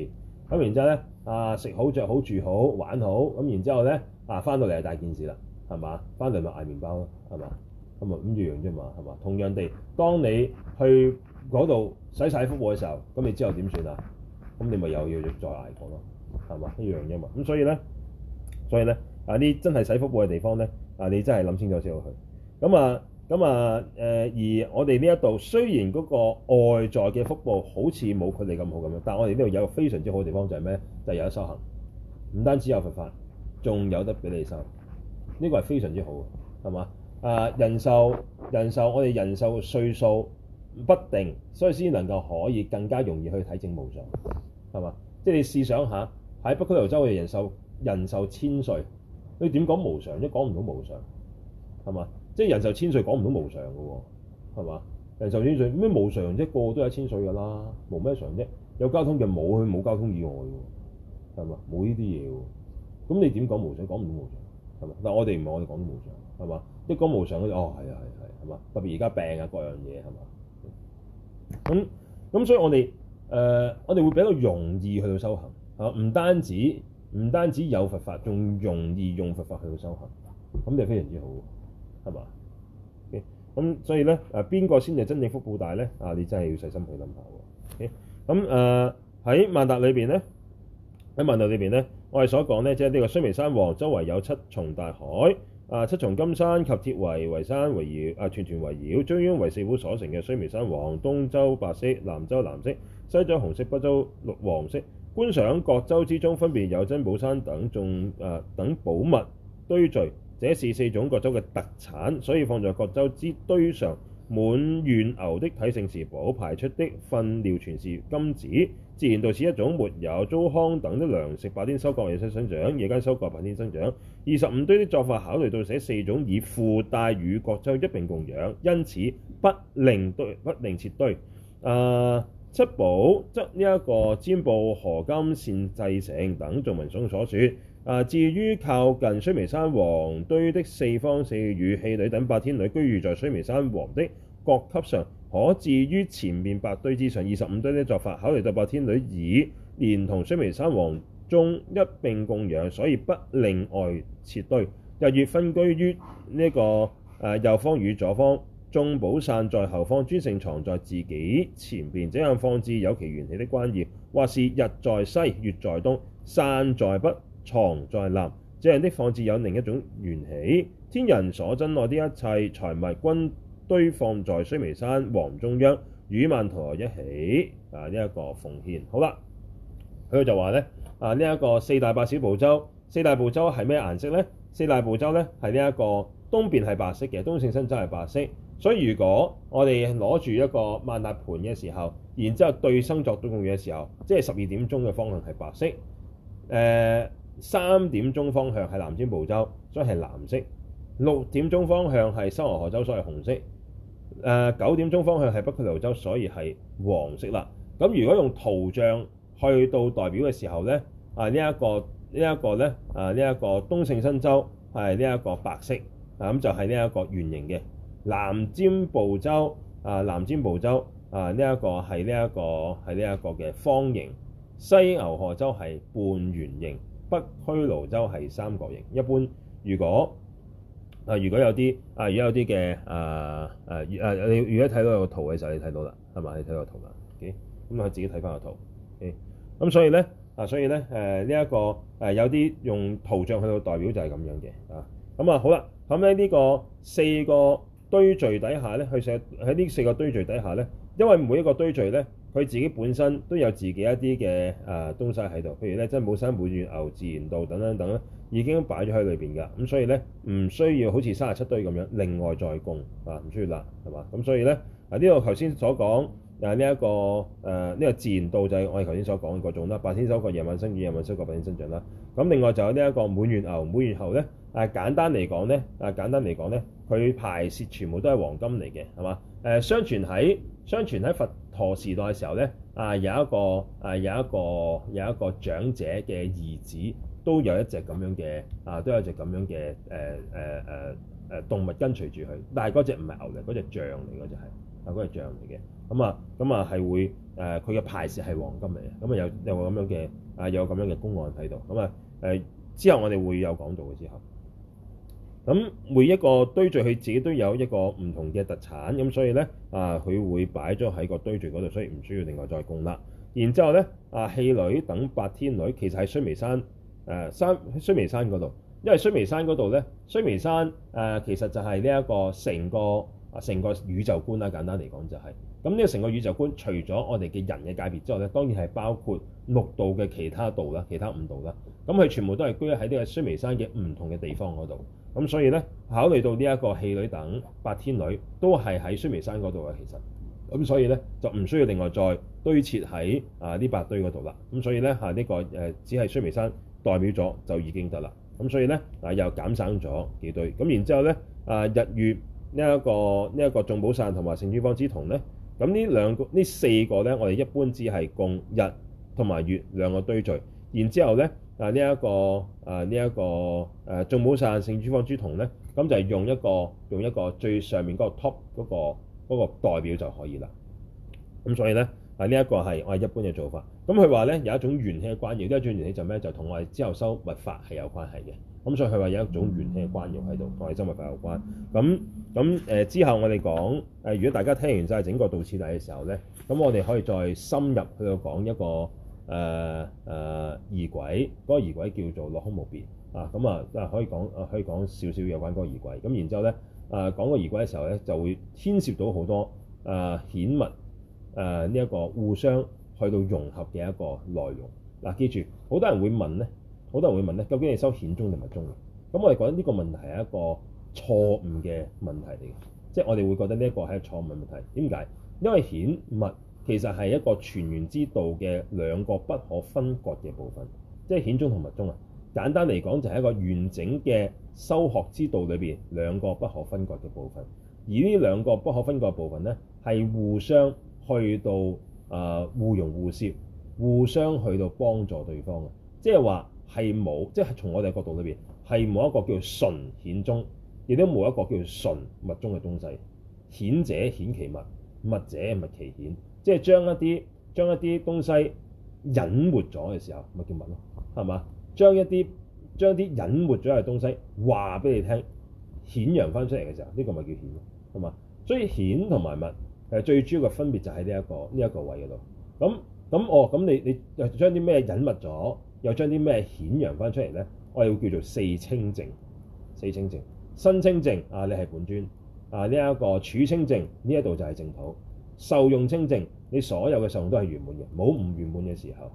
咁然之後咧啊，食、啊、好、著好、住好、玩好，咁然之後咧啊，翻到嚟係大件事啦。係嘛，翻嚟咪捱麵包咯，係嘛？咁啊，咁樣啫嘛，係嘛。同樣地，當你去嗰度洗晒腹部嘅時候，咁你之後點算啊？咁你咪又要再捱過咯，係嘛，一樣啫嘛。咁所以咧，所以咧啊，啲真係洗腹部嘅地方咧啊，你真係諗清楚先去。咁啊，咁啊，誒、呃、而我哋呢一度雖然嗰個外在嘅腹部好似冇佢哋咁好咁樣，但係我哋呢度有個非常之好嘅地方就係咩？就係、是、有得修行，唔單止有佛法，仲有得俾你修行。呢個係非常之好嘅，係嘛？誒，人壽，人壽，我哋人壽歲數不定，所以先能夠可以更加容易去體證無常，係嘛？即係你試想下喺北區俱盧洲嘅人壽人壽，千歲，你點講無常？都講唔到無常，係嘛？即係人壽千歲講唔到無常嘅喎，係嘛？人壽千歲咩無常啫？個個都有千歲㗎啦，冇咩常啫？有交通嘅冇佢冇交通意外㗎喎，係嘛？冇呢啲嘢喎，咁你點講無常？講唔到無常。但我哋唔係我哋講無常，係嘛？即係講無常嗰啲哦，係啊係係，係嘛、啊？特別而家病啊，各樣嘢係嘛？咁咁，嗯、所以我哋誒、呃，我哋會比較容易去到修行嚇，唔單止唔單止有佛法，仲容易用佛法去到修行，咁就非常之好，係嘛？咁、okay, 嗯、所以咧誒，邊個先係真正福報大咧？啊，你真係要細心去諗下喎。咁誒喺曼達裏邊咧，喺曼達裏邊咧。我哋所講咧，即係呢個須彌山王周圍有七重大海，啊七重金山及鐵圍圍山圍繞，啊團團圍繞，中央為四寶所成嘅須彌山王。東洲白色，南洲藍色，西洲紅色，北洲綠黃色。觀想各洲之中，分別有珍寶山等眾啊等寶物堆聚，這是四種各洲嘅特產，所以放在各洲之堆上。滿願牛的體性是寶，排出的糞尿全是金子，自然稻是一種沒有糟糠等的糧食，白天收割夜生長，夜間收割白天生長。二十五堆的作法考慮到這四種以附帶與各洲一並供養，因此不另堆不另撤堆。啊、呃，七寶則呢一個瞻部河金善製成等做文種所說。啊！至於靠近須彌山王堆的四方四隅，嬉女等八天女，居住在須彌山王的各級上，可置於前面八堆之上，二十五堆的作法。考慮到八天女已連同須彌山王中一並供養，所以不另外設堆。日月分居於呢個右方與左方，眾寶傘在後方，尊勝幢在自己前面，這樣放置有其緣起的關要。或是日在西，月在東，傘在北。幢在南，即係啲放置有另一種緣起。天人所珍愛啲一切財物，均堆放在須彌山王中央，與曼荼羅一起啊！呢、這、一個奉獻好啦。佢就話咧啊！呢、這、一個四大八小部洲，四大部洲係咩顏色呢？四大部洲呢係呢一個東邊係白色嘅，東勝身洲係白色。所以如果我哋攞住一個曼達盤嘅時候，然之後對生作對供嘅時候，即係十二點鐘嘅方向係白色誒。呃三點鐘方向係南瞻部洲，所以係藍色；六點鐘方向係西、就是、西牛貨洲，所以係紅色。誒九點鐘方向係北俱盧洲，所以係黃色啦。咁如果用圖像去到代表嘅時候呢，啊呢一個呢一個呢，啊呢一個東勝身洲係呢一個白色啊，咁就係呢一個圓形嘅南瞻部洲啊，南瞻部洲啊呢一個係呢一個係呢一個嘅方形，西牛貨洲係半圓形。北俱盧洲係三角形，一般如果啊如果有啲啊如果有啲嘅啊啊你啊你如果睇到個圖嘅時候你，你睇到啦，係嘛？你睇到個圖啦，咁、okay? 佢、嗯、自己睇翻個圖，咁、okay? 嗯、所以咧啊，所以咧誒呢一、啊這個誒、啊、有啲用圖像去到代表就係咁樣嘅啊，咁啊好啦，咁咧呢個四個堆聚底下咧，去寫喺呢四個堆聚底下咧，因為每一個堆聚咧。佢自己本身都有自己一啲嘅啊東西喺度，譬如咧，真係冇生滿願牛、自然稻等等等咧，已經擺咗喺裏邊㗎。咁所以咧唔需要好似三十七堆咁樣另外再供啊，唔需要啦，係嘛？咁所以咧啊，呢、啊這個頭先所講啊呢一個誒呢個自然稻就係我哋頭先所講嗰種啦，白天收割，夜晚生長，夜晚收割，白天增長啦。咁、啊、另外就有呢一個滿願牛，滿願牛咧啊簡單嚟講咧啊簡單嚟講咧，佢排泄全部都係黃金嚟嘅，係嘛？誒、啊、相傳喺相傳喺佛。陀時代嘅時候咧，啊有一個啊有一個有一個長者嘅兒子，都有一隻咁樣嘅啊，都有一隻咁樣嘅、呃呃呃、動物跟隨住佢，但係嗰隻唔係牛嚟，嗰隻象嚟嘅就係啊嗰隻象嚟嘅，咁啊咁啊係會呃佢嘅排泄係黃金嚟嘅，咁啊有有咁樣嘅啊有咁樣嘅公案喺度，咁啊、呃、之後我哋會有講到嘅之後。咁每一個堆聚，佢自己都有一個唔同嘅特產，咁所以呢，啊，佢會擺咗喺個堆聚嗰度，所以唔需要另外再供啦。然之後呢，啊嬉女等八天女其實喺須彌山誒、啊、山須彌山嗰度，因為須彌山嗰度呢，須彌山誒、啊、其實就係呢一個成個成個宇宙觀啦、啊。簡單嚟講就係、是、咁，呢個成個宇宙觀除咗我哋嘅人嘅界別之外呢，當然係包括六道嘅其他道啦，其他五道啦。咁佢全部都係居喺呢個須彌山嘅唔同嘅地方嗰度。咁所以咧，考慮到呢一個嬉女等八天女都係喺須彌山嗰度嘅。其實，咁所以咧就唔需要另外再堆砌喺啊呢八堆嗰度啦。咁所以咧呢、啊這個、啊、只係須彌山代表咗就已經得啦。咁所以咧、啊、又減省咗幾堆。咁然之後咧啊日月、這個這個、呢一個，個呢一個眾寶傘同埋聖尊方之幢咧，咁呢兩個呢四個咧，我哋一般只係共日同埋月兩個堆聚。然之後咧。啊！呢一個啊，呢一個誒，仲冇實性朱芳朱同咧，咁就係用一個用一個最上面嗰個 top 嗰、那個嗰、那個、代表就可以啦。咁所以咧，啊呢一、這個係我一般嘅做法。咁佢話咧有一種緣起嘅關要，呢一種緣起就咩？就同、是、我哋之後收物法係有關係嘅。咁所以佢話有一種緣起嘅關要喺度，同我哋收物法有關。咁咁、呃、之後我哋講、呃、如果大家聽完就係整個道次第嘅時候咧，咁我哋可以再深入去到講一個。誒誒二軌，嗰、那個二軌叫做落空無別啊，咁啊，可以講、啊、可以講少少有關嗰個二軌，咁然之後咧、啊，講個二軌嘅時候咧，就會牽涉到好多、啊、顯密。呢、啊、一、這個互相去到融合嘅一個內容。嗱、啊，記住，好多人會問咧，好多人會問咧，究竟係收顯宗定密宗？咁我哋覺得呢個問題係一個錯誤嘅問題嚟嘅，即、就是、我哋會覺得呢一個係一個錯誤嘅問題。點解？因為顯密，其實係一個全員之道嘅兩個不可分割嘅部分，即係顯宗同密宗啊。簡單嚟講，就係一個完整嘅修學之道裏面兩個不可分割嘅部分。而呢兩個不可分割嘅部分呢，係互相去到、呃、互融互攝互相去到幫助對方嘅。即係話係冇，即、就、係、是、從我哋角度裏面，係冇一個叫純顯宗，亦都冇一個叫純密宗嘅東西。顯者顯其密，密者密其顯。即係將一啲將一啲東西隱沒咗嘅時候，咪叫密咯，係嘛？將一啲將啲隱沒咗嘅東西話俾你聽，顯揚翻出嚟嘅時候，呢、這個咪叫顯咯，係嘛？所以顯同埋密最主要嘅分別就喺呢一個呢一、這個位嗰度。咁咁哦，咁你你又將啲咩隱密咗，又將啲咩顯揚翻出嚟咧？我哋會叫做四清淨，四清淨，身清淨啊，你係本尊啊，呢、這、一個處清淨呢一度就係淨土。受用清淨，你所有嘅受用都係圓滿嘅，冇唔圓滿嘅時候。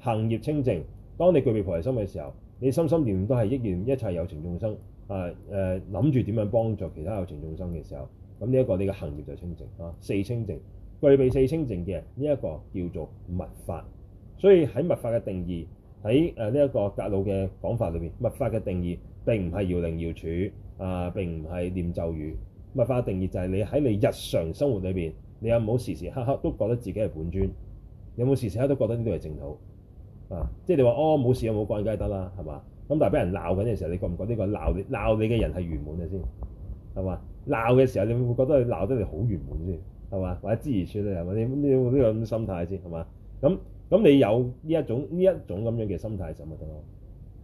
行業清淨，當你具備菩提心嘅時候，你心心念念都係益念一切有情眾生啊。誒、啊，諗住點樣幫助其他有情眾生嘅時候，咁呢一個你嘅行業就清淨啊。四清淨，具備四清淨嘅呢一個叫做密法。所以喺密法嘅定義喺誒呢一個格魯嘅講法裏面，密法嘅定義並唔係搖鈴搖杵啊，並唔係念咒語。密法嘅定義就係你喺你日常生活裏邊。你有冇時時刻刻都覺得自己係本尊？你有冇時時刻刻都覺得呢啲係淨土啊？即係你話哦，冇事有冇關係得啦，係嘛？咁但係俾人鬧緊嘅時候，你覺唔覺得呢個鬧你鬧你嘅人係圓滿嘅先係嘛？鬧嘅時候，你會唔會覺得佢鬧得你好圓滿先係嘛？或者知而處啊？係咪？你你有呢個咁心態先係嘛？咁咁你有呢一種呢一種咁樣嘅心態就咪得咯，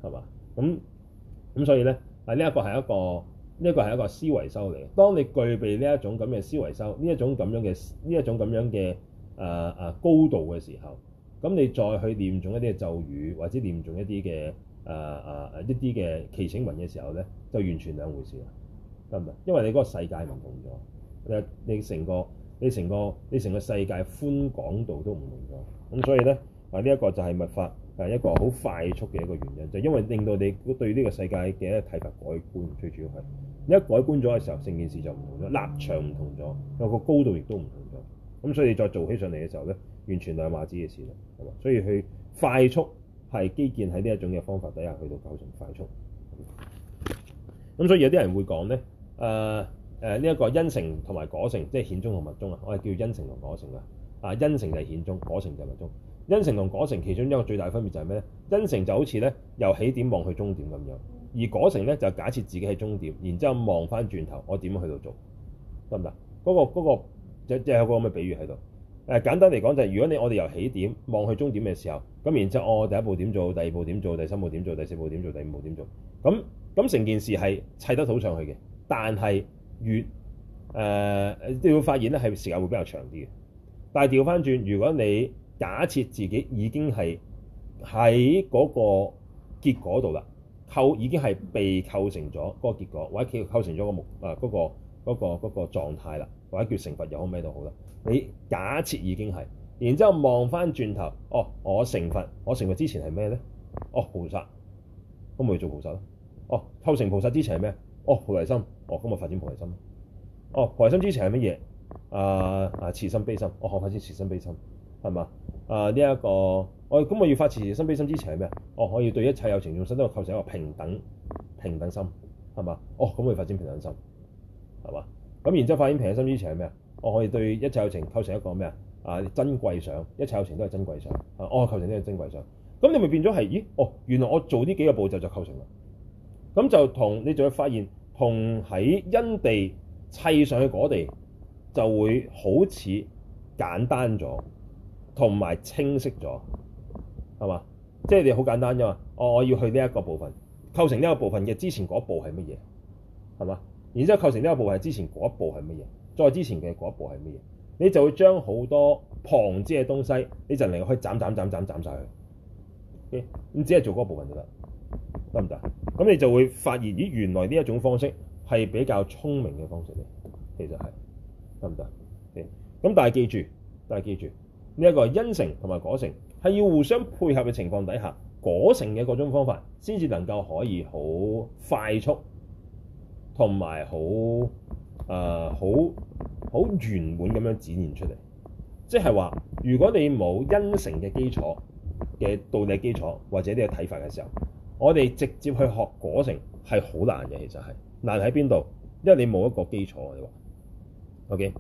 係嘛？咁咁所以咧，係呢一個係一個。呢一個係一個思維修嚟，當你具備呢一種咁嘅思維修，呢一種咁樣嘅呢一種咁樣嘅、啊啊、高度嘅時候，咁你再去念中一啲嘅咒語，或者念中一啲嘅啊啊一啲嘅祈請文嘅時候咧，就完全兩回事啦，得唔得？因為你嗰個世界唔同咗，你你成個你成個你成個世界寬廣度都唔同咗，咁所以咧，嗱呢一個就係密法。係一個好快速嘅一個原因，就是、因為令到你對呢個世界嘅一個睇法改觀，最主要係你一改觀咗嘅時候，成件事就唔同咗，立場唔同咗，個高度亦都唔同咗。咁所以你再做起上嚟嘅時候咧，完全兩碼子嘅事啦。係嘛？所以佢快速係基建喺呢一種嘅方法底下，去到構成快速。咁所以有啲人會講咧，誒誒呢一個因成同埋果成，即係顯宗同密宗。啊，我係叫因成同果成啦。啊，因成就係顯宗，果成就係密宗。因成同果成其中一個最大分別就係咩咧？因成就好似咧由起點望去終點咁樣，而果成咧就假設自己喺終點，然之後望翻轉頭，我點去到做得唔得？嗰、那個嗰、那個即即有個咁嘅比喻喺度。誒、呃、簡單嚟講就係、是、如果你我哋由起點望去終點嘅時候，咁然之後我、哦、第一步點做，第二步點做，第三步點做，第四步點做，第五步點做，咁咁成件事係砌得倒上去嘅，但係越誒、呃、都要發現咧係時間會比較長啲嘅。但係調翻轉如果你假設自己已經係喺嗰個結果度啦，構已經係被構成咗嗰個結果，或者叫構成咗、嗰個木啊嗰、嗰個嗰、嗰個嗰、嗰個、狀態啦，或者叫成佛又可咩都好啦。你假設已經係，然之後望翻轉頭，哦，我成佛，我成佛之前係咩咧？哦，菩薩，咁咪做菩薩咯。哦，構成菩薩之前係咩？哦，菩提心，哦，咁咪發展菩提心哦，菩提心之前係乜嘢？啊、呃、啊、呃，慈心悲心，哦，我學翻先慈心悲心，係嘛？啊！呢、這、一個，我、哦、咁我要發慈悲心之前係咩？我可以對一切有情用心都構成一個平等平等心，係嘛？哦，咁我哋發展平等心，係嘛？咁然之後發展平等心之前係咩？我可以對一切有情構成一個咩啊？啊，珍貴相，一切有情都係珍貴相。我構成都係珍貴相。咁、啊、你咪變咗係，咦？哦，原來我做呢幾個步驟就構成啦。咁就同你仲要發現，同喺因地砌上去嗰地就會好似簡單咗。同埋清晰咗，係嘛？即係你好簡單啫嘛。我我要去呢一個部分構成呢個部分嘅之前嗰一步係乜嘢？係嘛？然之後構成呢個部分之前嗰一步係乜嘢？再之前嘅嗰一步係乜嘢？你就會將好多旁支嘅東西，你就嚟去斬斬斬斬斬曬佢。咁只係做嗰部分就得得唔得？咁你就會發現咦？原來呢一種方式係比較聰明嘅方式嚟。其實係得唔得？咁但係記住，但係記住。呢一個因成同埋果成係要互相配合嘅情況底下，果成嘅各種方法先至能夠可以好快速同埋好，誒好好圓滿咁樣展現出嚟。即係話，如果你冇因成嘅基礎嘅道理基礎或者呢個睇法嘅時候，我哋直接去學果成係好難嘅，其實係難喺邊度？因為你冇一個基礎，你話 OK？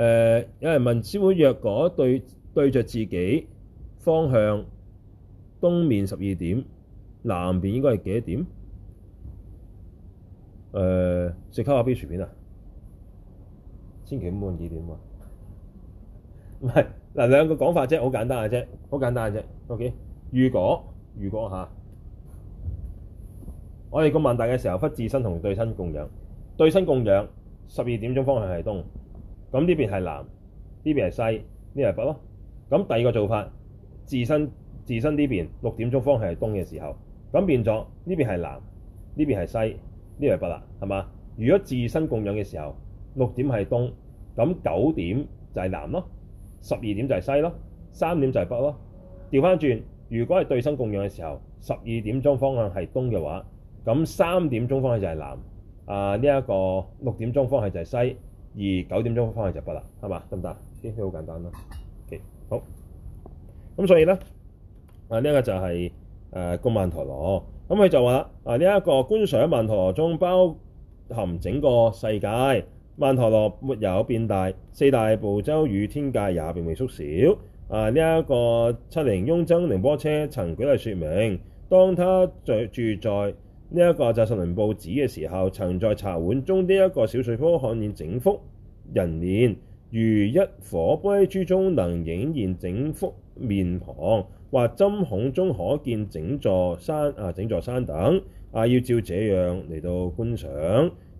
誒、呃，有人問：如果若果對對著自己方向東面十二點，南邊應該係幾多點？誒、呃，食烤亞飛薯片啊！千祈唔好二點啊！唔係嗱，兩個講法啫，好簡單嘅啫，好簡單嘅啫。OK，如果如果嚇，我哋供曼達嘅時候，忽自身同對身供養，對身供養十二點鐘方向係東。咁呢邊係南，呢邊係西，呢邊係北咯。咁第二個做法，自身自身呢邊六點鐘方向係東嘅時候，咁變咗呢邊係南，呢邊係西，呢邊係北啦，係嘛？如果自身供養嘅時候，六點係東，咁九點就係南咯，十二點就係西咯，三點就係北咯。調翻轉，如果係對身供養嘅時候，十二點鐘方向係東嘅話，咁三點鐘方向就係南，啊呢一個六點鐘方向就係西。而九點鐘翻去就畢啦，係嘛？得唔得？呢啲好簡單啦。OK，好。咁所以咧，啊呢一、這個就係誒個曼陀羅。咁、嗯、佢就話，啊呢一、這個觀想曼陀羅中包含整個世界，曼陀羅沒有變大，四大部洲與天界也並未縮小。啊呢一、這個彩玲雍增仁波切曾舉例說明，當他住住在呢一個就係扎什倫布嘅時候，曾在茶碗中呢一個小水泡看見整幅人面，如一玻璃珠中能映現整幅面龐，或針孔中可見整座山啊，整座山等啊，要照這樣嚟到觀想。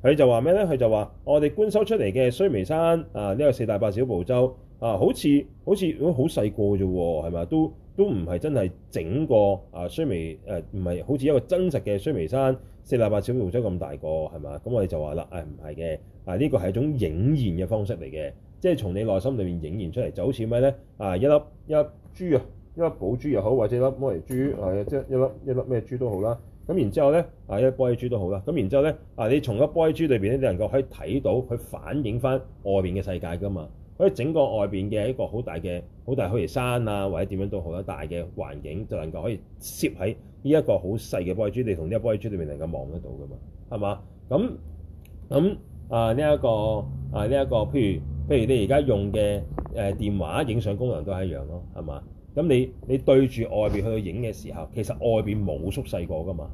佢就話咩呢？佢就話我哋觀修出嚟嘅須彌山啊，呢、這個四大八小部洲啊，好似好似好細個啫喎，係咪都都唔係真係整個啊須彌唔係好似一個真實嘅須彌山四洲八小洲咁大個係嘛？咁我哋就話啦，誒唔係嘅，啊呢個係一種影現嘅方式嚟嘅，即係從你內心裏面影現出嚟，就好似咩咧啊一粒一粒珠啊，一粒寶珠又好，或者粒摩尼珠啊，即係一粒一粒咩珠都好啦。咁然之後咧啊一粒玻璃珠都好啦，咁然之後咧啊你從粒玻璃珠裏邊咧，你能夠可以睇到佢反映翻外面嘅世界㗎嘛？所以整個外邊嘅一個好大嘅、好大，譬如山啊，或者點樣都好，好大嘅環境，就能夠可以攝喺呢一個好細嘅玻璃珠。你同呢個玻璃珠裏面能夠望得到噶嘛，係嘛？咁咁啊呢一個啊呢一個，譬如譬如你而家用嘅誒電話影相功能都係一樣咯，係嘛？咁你你對住外邊去影嘅時候，其實外邊冇縮細過噶嘛，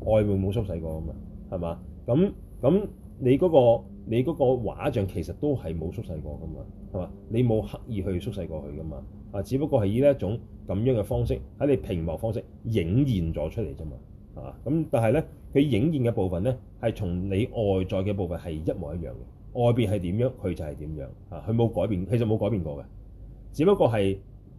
外面冇縮細過噶嘛，係嘛？咁咁你嗰個。你嗰個畫像其實都係冇縮細過㗎嘛，係嘛？你冇刻意去縮細過佢㗎嘛？啊，只不過係以呢一種咁樣嘅方式喺你屏幕方式影現咗出嚟啫嘛，係嘛？咁但係咧，佢影現嘅部分咧係同你外在嘅部分係一模一樣嘅，外邊係點樣，佢就係點樣啊，佢冇改變，其實冇改變過嘅，只不過係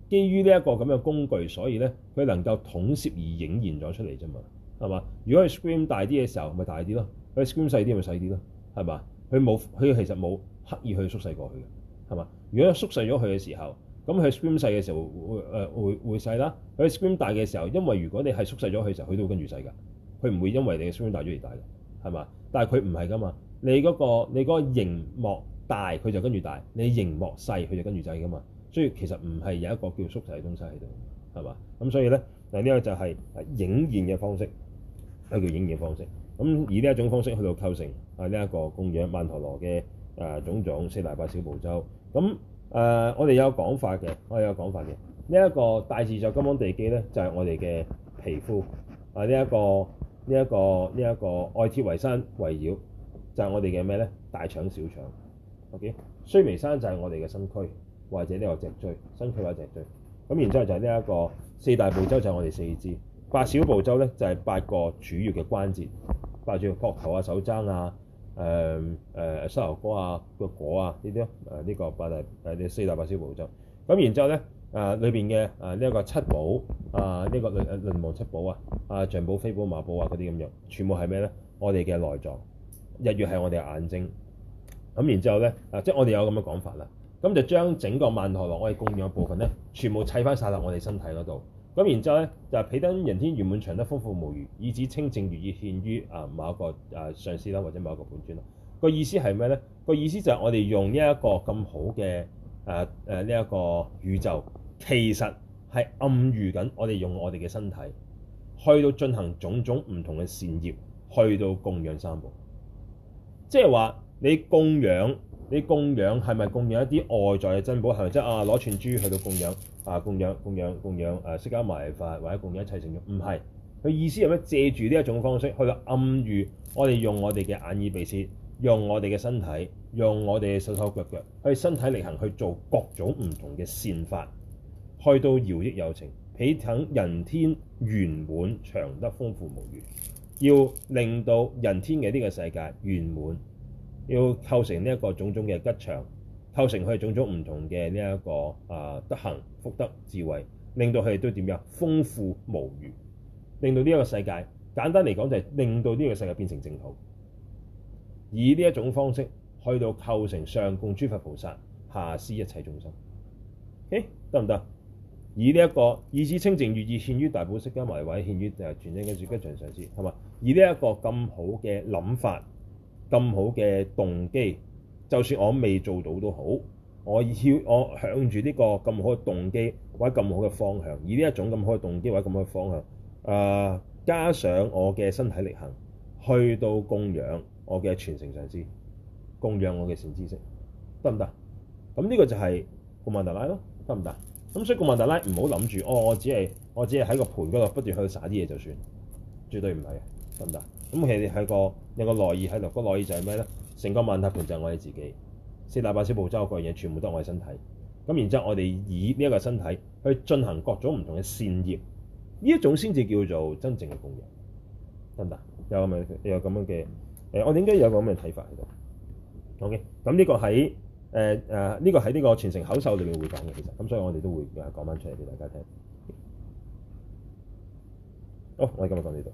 基於呢一個咁嘅工具，所以咧佢能夠統攝而影現咗出嚟啫嘛，係嘛？如果係 screen 大啲嘅時候，咪大啲咯，佢 screen 細啲咪細啲咯，係嘛？佢冇，佢其實冇刻意去縮細過去嘅，係嘛？如果縮細咗佢嘅時候，咁佢縮細嘅時候會誒、呃、會會細啦。佢縮大嘅時候，因為如果你係縮細咗佢時候，佢都會跟住細噶。佢唔會因為你縮大咗而大，係嘛？但係佢唔係噶嘛。你嗰、那個你嗰個熒幕大，佢就跟住大；你熒幕細，佢就跟住細噶嘛。所以其實唔係有一個叫做縮細嘅東西喺度，係嘛？咁所以咧，嗱呢個就係影現嘅方式，都、啊、叫影現嘅方式。咁以呢一種方式去到構成啊呢一個供養曼陀羅嘅、呃、種種四大八小部洲咁我哋有講法嘅，我哋有講法嘅。呢一、這個大自在金剛地基咧，就係、是、我哋嘅皮膚啊。呢、這、一個呢一、這個呢一、這個外鐵圍山圍繞，就係、是、我哋嘅咩咧？大腸小腸。OK，須彌山就係我哋嘅身軀，或者呢個脊椎，身軀或者脊椎。咁然之後就係呢一個四大部洲就係我哋四肢，八小部洲咧就係、是、八個主要嘅關節。八柱、膊頭、呃呃、啊、手、這、踭、個、啊、誒誒、膝頭哥啊、腳果啊，呢啲誒呢個八大誒啲四大八小部洲。咁然之後咧，誒裏邊嘅誒呢一個七寶啊、呢、這個輪輪、啊、王七寶啊、啊象寶、飛寶、馬寶啊嗰啲咁樣，全部係咩咧？我哋嘅內臟，日月係我哋嘅眼睛。咁然之後咧，啊即係我哋有咁嘅講法啦。咁就將整個曼陀羅我哋供養嘅部分咧，全部砌翻晒落我哋身體嗰度。咁然之後咧，就係俾得人天圓滿場得豐富無餘，以此清淨如意獻於啊某一個啊上師啦，或者某一個本尊啦。個意思係咩咧？個意思就係我哋用呢一個咁好嘅誒誒呢一個宇宙，其實係暗喻緊我哋用我哋嘅身體去到進行種種唔同嘅善業，去到供養三寶。即係話你供養，你供養係咪供養一啲外在嘅珍寶？係咪即係啊攞串珠去到供養？啊！供養、供養、供、啊、養，誒，釋迦埋法，或者供養一切成就，唔係。佢意思係咩？借住呢一種方式去暗喻我哋用我哋嘅眼耳鼻舌，用我哋嘅身體，用我哋嘅手手腳腳，去身體力行去做各種唔同嘅善法，去到饒益有情，俾等人天圓滿，長得豐富無餘，要令到人天嘅呢個世界圓滿，要構成呢一個種種嘅吉祥。構成佢哋種種唔同嘅呢一個啊德行、福德、智慧，令到佢哋都點樣豐富無餘，令到呢一個世界簡單嚟講就係令到呢個世界變成淨土，以呢一種方式去到構成上供諸佛菩薩，下施一切眾生。誒，得唔得？以呢、這、一個以此清淨，越意獻於大寶釋迦牟尼位，獻於誒傳正嘅主吉祥上師，係嘛？以呢一個咁好嘅諗法，咁好嘅動機。就算我未做到都好，我要我向住呢個咁好嘅動機或者咁好嘅方向，以呢一種咁好嘅動機或者咁好嘅方向，誒、呃、加上我嘅身體力行，去到供養我嘅傳承上師，供養我嘅善知識，得唔得？咁呢個就係供曼達拉咯，得唔得？咁所以供曼達拉唔好諗住，我只係我只係喺個盤嗰度不斷去撒啲嘢就算，絕對唔係嘅，得唔得？咁其實係個有個內意喺度，個內意就係咩咧？成個曼達盤就係我哋自己，四大八小部洲各樣嘢，全部都係我哋身體。咁然之後，我哋以呢一個身體去進行各種唔同嘅善業，呢一種先至叫做真正嘅供養，得唔得？有咁嘅，有咁樣嘅。誒，我哋應該有個咁嘅睇法喺度？OK，咁呢個喺誒誒，呢、呃這個喺呢個傳承口授裏面會講嘅，其實咁，所以我哋都會誒講翻出嚟俾大家聽。好、哦，我哋今日講到呢度。